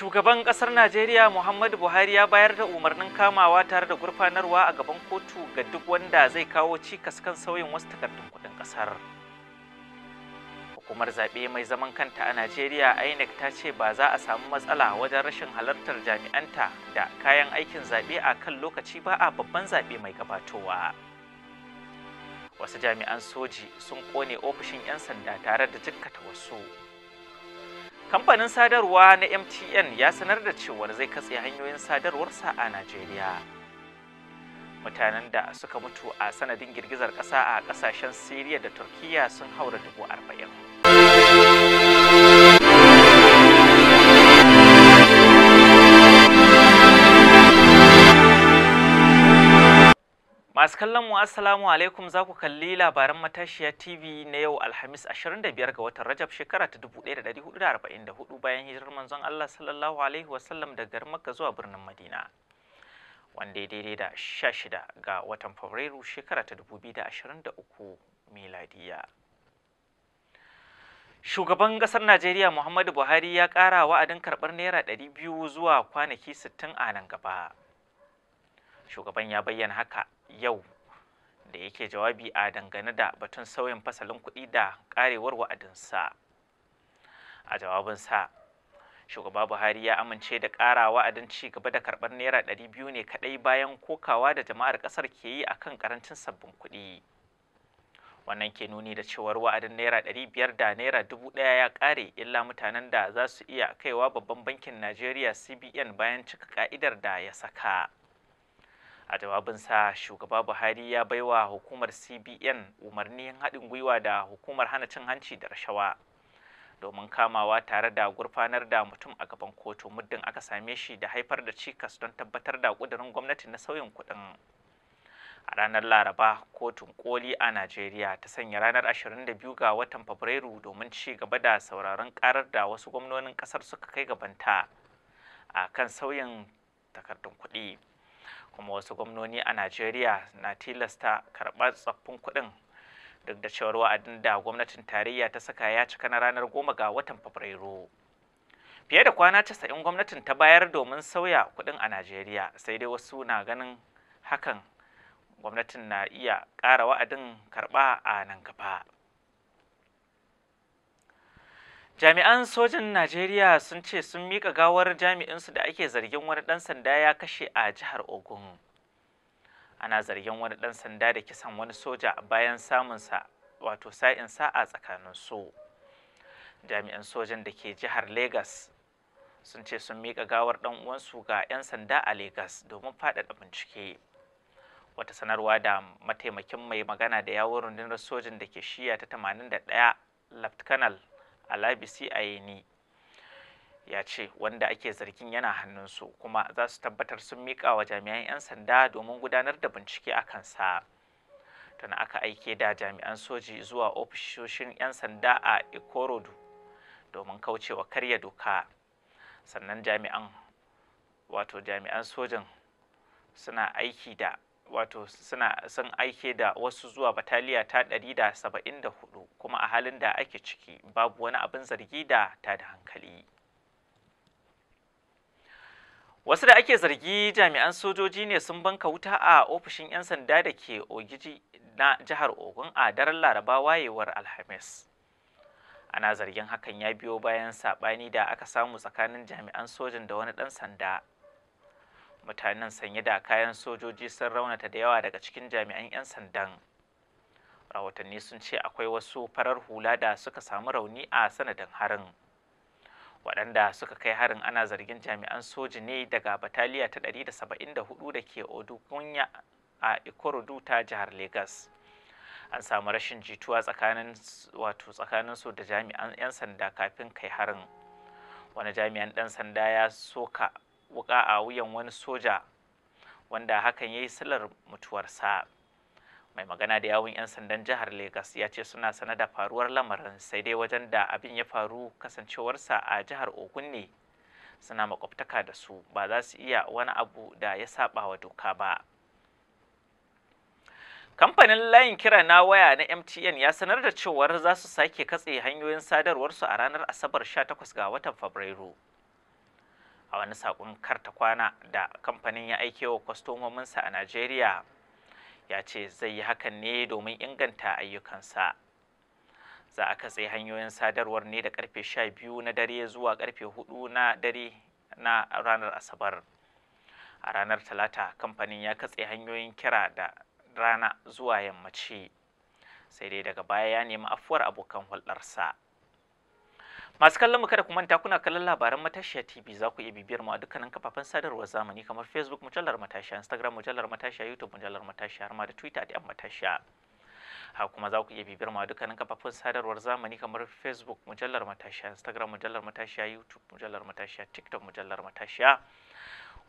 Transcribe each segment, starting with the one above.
shugaban ƙasar najeriya muhammadu buhari ya bayar da umarnin kamawa tare da gurfanarwa a gaban kotu ga duk wanda zai kawo cikas kan sauyin wasu takardun kudin ƙasar. hukumar zaɓe mai zaman kanta a najeriya inec ta ce ba za a samu matsala wajen rashin halartar jami'anta da kayan aikin zaɓe a kan lokaci ba a babban zaɓe mai gabatowa wasu jami'an soji sun ƙone ofishin 'yan sanda tare da jikkata wasu kamfanin sadarwa na mtn ya sanar da cewa zai katse hanyoyin sadarwarsa a najeriya mutanen da suka mutu a sanadin girgizar kasa a kasashen syria da turkiya sun haura dubu arba'in Masu kallon mu Assalamu alaikum za ku kalli labaran matashiya TV na yau Alhamis 25 ga watan Rajab shekara ta 1444 bayan hijirar manzon Allah sallallahu alaihi wasallam daga Makka zuwa birnin Madina. Wanda daidai da 16 ga watan Fabrairu shekara ta 2023 miladiya. Shugaban ƙasar Najeriya Muhammadu Buhari ya ƙara wa'adin karɓar Naira 200 zuwa kwanaki 60 a nan gaba. Shugaban ya bayyana haka yau da yake jawabi a dangane da batun sauyin fasalin kuɗi da ƙarewar wa'adinsa a jawabinsa shugaba buhari ya amince da ƙara wa'adin ci gaba da karɓar naira ɗari biyu ne kaɗai bayan kokawa da jama'ar ƙasar ke yi a kan ƙarancin sabbin kuɗi wannan ke nuni da cewar wa'adin naira ɗari biyar da naira dubu ɗaya ya ƙare illa mutanen da za su iya kaiwa babban bankin najeriya cbn bayan cika ƙa'idar da ya saka a jawabinsa shugaba buhari ya baiwa hukumar cbn umarnin haɗin gwiwa da hukumar hana cin hanci da rashawa domin kamawa tare da gurfanar da mutum a gaban kotu muddin aka same shi da haifar da cikas don tabbatar da ƙudurin gwamnati na sauyin kuɗin a ranar laraba kotun koli a najeriya ta sanya ranar 22 ga watan fabrairu domin ci gaba da sauraron karar da wasu gwamnonin kasar suka kai gabanta a kan sauyin takardun kuɗi kuma wasu gwamnoni a najeriya na tilasta karɓar tsaffin kuɗin duk da cewar wa'adin da gwamnatin tarayya ta saka ya cika na ranar goma ga watan fabrairu fiye da kwana casa'in gwamnatin ta bayar domin sauya kuɗin a najeriya sai dai wasu na ganin hakan gwamnatin na iya ƙara wa'adin karɓa a nan gaba jami'an sojin najeriya sun ce sun mika gawar jami'insu da ake zargin wani ɗan sanda ya kashe a jihar ogun ana zargin wani ɗan sanda da kisan wani soja bayan samunsa wato sa'in sa'a tsakanin su jami'an sojan da ke jihar Legas sun ce sun mika gawar ɗan uwansu ga 'yan sanda a Legas domin faɗaɗa bincike wata sanarwa da mataimakin mai magana da yawon rundunar sojin da ke shiya ta 81 lieutenant alabisi aini ya ce wanda ake zargin yana hannunsu kuma za su tabbatar sun miƙa wa jami'an 'yan sanda domin gudanar da bincike a kansa tana aka aike da jami'an soji zuwa ofishoshin 'yan sanda a ikorodu domin kaucewa karya doka sannan jami'an wato jami'an sojin suna aiki da wato suna sun aike da wasu zuwa bataliya ta 174 kuma a halin da ake ciki babu wani abin zargi da ta da hankali wasu da ake zargi jami'an sojoji ne sun banka wuta a ofishin 'yan sanda da ke ogiji na jihar ogun a daren laraba wayewar alhamis ana zargin hakan ya biyo bayan saɓani da aka samu tsakanin jami'an sojin da wani ɗan sanda mutanen sanye da kayan sojoji sun raunata da yawa daga cikin jami'an 'yan sandan rahotanni sun ce akwai wasu farar hula da suka samu rauni a sanadin harin waɗanda suka kai harin ana zargin jami'an soji ne daga bataliya ta 174 da ke odugunya a ikorodu ta jihar Legas. an samu rashin jituwa wato tsakanin su da jami'an 'yan sanda kafin kai harin wani jami'an ɗan sanda ya soka wuka a wuyan wani soja wanda hakan ya yi silar mutuwarsa mai magana da yawun 'yan sandan jihar Legas ya ce suna sana da faruwar lamarin sai dai wajen da abin ya faru kasancewarsa a jihar Ogun ne suna makwabtaka da su ba za su iya wani abu da ya saba wa doka ba. Kamfanin layin kira na waya na MTN ya sanar da cewar za su sake katse hanyoyin sadarwarsu a ranar Asabar 18 ga watan Fabrairu. a wani sakon karta kwana da kamfanin ya aike wa kwastomominsa a najeriya ya ce zai yi hakan ne domin inganta ayyukansa za a katse hanyoyin sadarwar ne da karfe biyu na dare zuwa karfe hudu na dare na ranar asabar a ranar talata kamfanin ya katse hanyoyin kira da rana zuwa yammaci sai dai daga baya ya nemi afuwar abokan hulɗarsa. Masu kallon mu kada ku manta kuna kallon labaran matashiya TV za ku iya bibiyar mu a dukkanin kafafen sadarwar zamani kamar Facebook mujallar matashiya, Instagram mujallar matashiya, YouTube mujallar matashiya har ma da Twitter da matashiya. Ha kuma za ku iya bibiyar mu a dukkanin kafafen sadarwar zamani kamar Facebook mujallar matashiya, Instagram mujallar matashiya, YouTube mujallar matashiya, TikTok mujallar matashiya.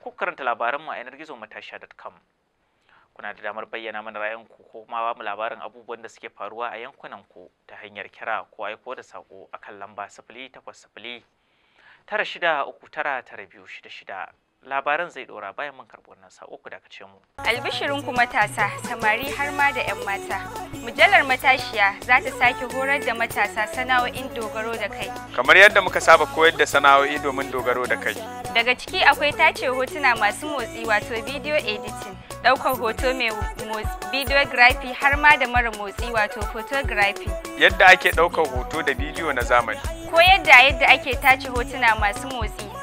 Ku karanta labaran mu a yanar gizo matashiya.com. kuna da damar bayyana mana ra'ayinku ko kuma ba mu labarin abubuwan da suke faruwa a yankunan ku ta hanyar kira ko aiko da sako akan lamba sifili takwas sifili tara shida uku tara tara biyu shida shida labaran zai dora bayan mun karɓi wannan uku ku daga ce mu. Albishirin ku matasa, samari har ma da 'yan mata. Mujallar matashiya za ta sake horar da matasa sana'o'in dogaro da kai. Kamar yadda muka saba koyar da sana'o'i domin dogaro da kai. Daga ciki akwai tace hotuna masu motsi wato video editing, Daukar hoto mai videography har ma da mara motsi wato photography. Yadda ake ɗaukar hoto da bidiyo na zamani. Ko yadda yadda ake tace hotuna masu motsi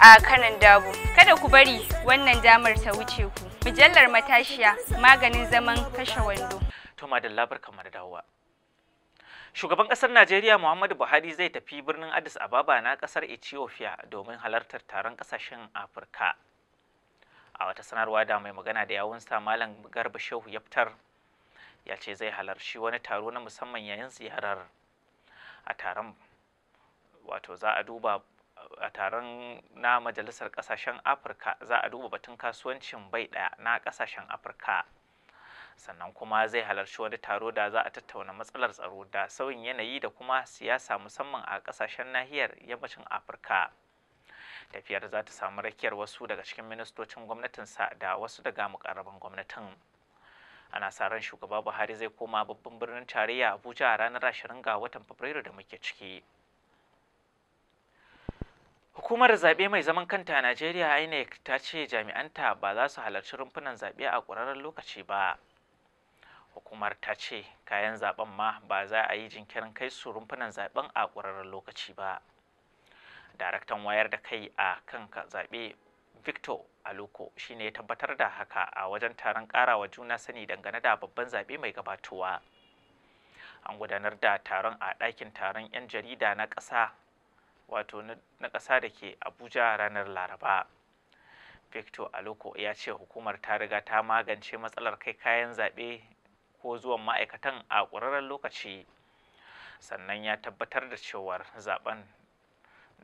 a kanan dabo kada ku bari wannan damar ta wuce ku mujallar matashiya maganin zaman kashe wando to madalla barkamu da dawowa Shugaban ƙasar Najeriya Muhammadu Buhari zai tafi birnin Addis Ababa na ƙasar Ethiopia domin halartar taron ƙasashen Afirka. A wata sanarwa da mai magana da sa Malam Garba Shehu yaftar, ya ce zai halarci wani taro na musamman yayin ziyarar. A taron wato za a duba a taron na majalisar kasashen afirka za a duba batun kasuwancin bai daya na kasashen afirka sannan kuma zai halarci wani taro da za a tattauna matsalar tsaro da sauyin yanayi da kuma siyasa musamman a kasashen nahiyar yammacin afirka tafiyar za ta samu rakiyar wasu daga cikin ministocin gwamnatinsa da wasu daga mukarraban gwamnatin ana sa ran shugaba buhari zai koma babban birnin tarayya abuja a ranar 20 ga watan fabrairu da muke ciki Hukumar zaɓe mai zaman kanta a Najeriya INEC ta ce jami'anta ba za su halarci rumfunan zaɓe a ƙwararren lokaci ba. Hukumar ta ce kayan zaɓen ma ba za a yi jinkirin kai su rumfunan zaɓen a ƙwararren lokaci ba. Daraktan wayar da kai a kan zaɓe Victor Aluko shi ne ya tabbatar da haka a wajen taron ƙarawa juna sani dangane da babban zaɓe mai gabatowa. An gudanar da taron a ɗakin taron 'yan jarida na ƙasa wato na ƙasa da ke abuja ranar laraba victor aloko ya ce hukumar ta riga ta magance matsalar kai kayan zaɓe ko zuwan ma'aikatan a ƙwararren lokaci sannan ya tabbatar da cewar zaben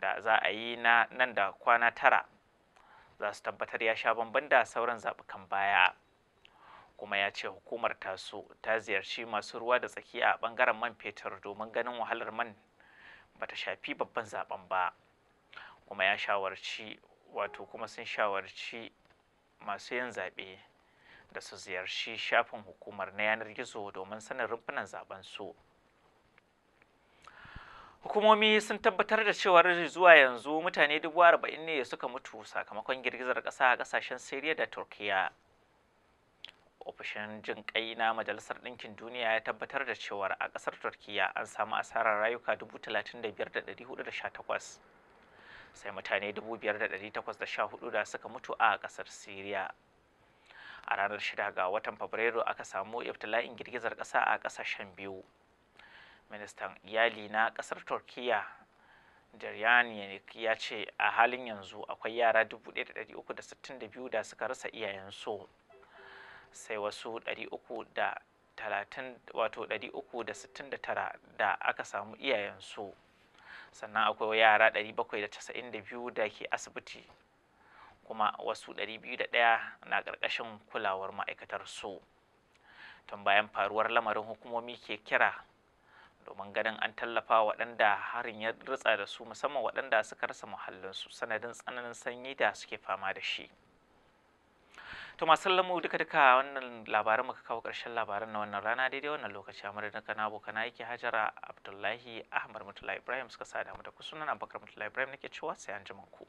da za a yi na nan da kwana tara za su tabbatar ya sha bamban da sauran zaɓukan baya kuma ya ce hukumar taso ta ziyarci masu ruwa da tsaki a ɓangaren man fetur domin ganin wahalar man bata shafi babban zaben ba kuma ya shawarci wato kuma sun shawarci masu yin zaɓe da su ziyarci shafin hukumar na yanar gizo domin sanin rumfunan zaben su hukumomi sun tabbatar da cewa zuwa yanzu mutane dubu arba'in ne suka mutu sakamakon girgizar ƙasa a ƙasashen syria da turkiyya. ofishin jin kai na majalisar ɗinkin duniya ya tabbatar da cewar a ƙasar turkiya an samu asarar rayuka 35,418 sai mutane 5,814 da suka mutu a ƙasar syria a ranar 6 ga watan fabrairu aka samu iftila'in girgizar ƙasa a ƙasashen biyu ministan iyali na ƙasar turkiya yanik ya ce a halin yanzu akwai yara 1,362 da suka rasa iyayensu. sai wasu 369 da aka samu iyayensu sannan akwai yara 792 da ke asibiti kuma wasu 201 na ƙarƙashin kulawar ma'aikatar su tun bayan faruwar lamarin hukumomi ke kira domin ganin an tallafa waɗanda harin ya ritsa da su musamman waɗanda suka rasa muhallinsu sanadin tsananin sanyi da suke fama da shi. to masu lamu duka duka wannan labaran muka kawo ƙarshen labaran na wannan rana daidai wannan lokaci a madadin kana abokana yake hajara abdullahi ahmad mutula ibrahim suka sada mu da kusurnan abubakar mutula ibrahim nake cewa sai an ku.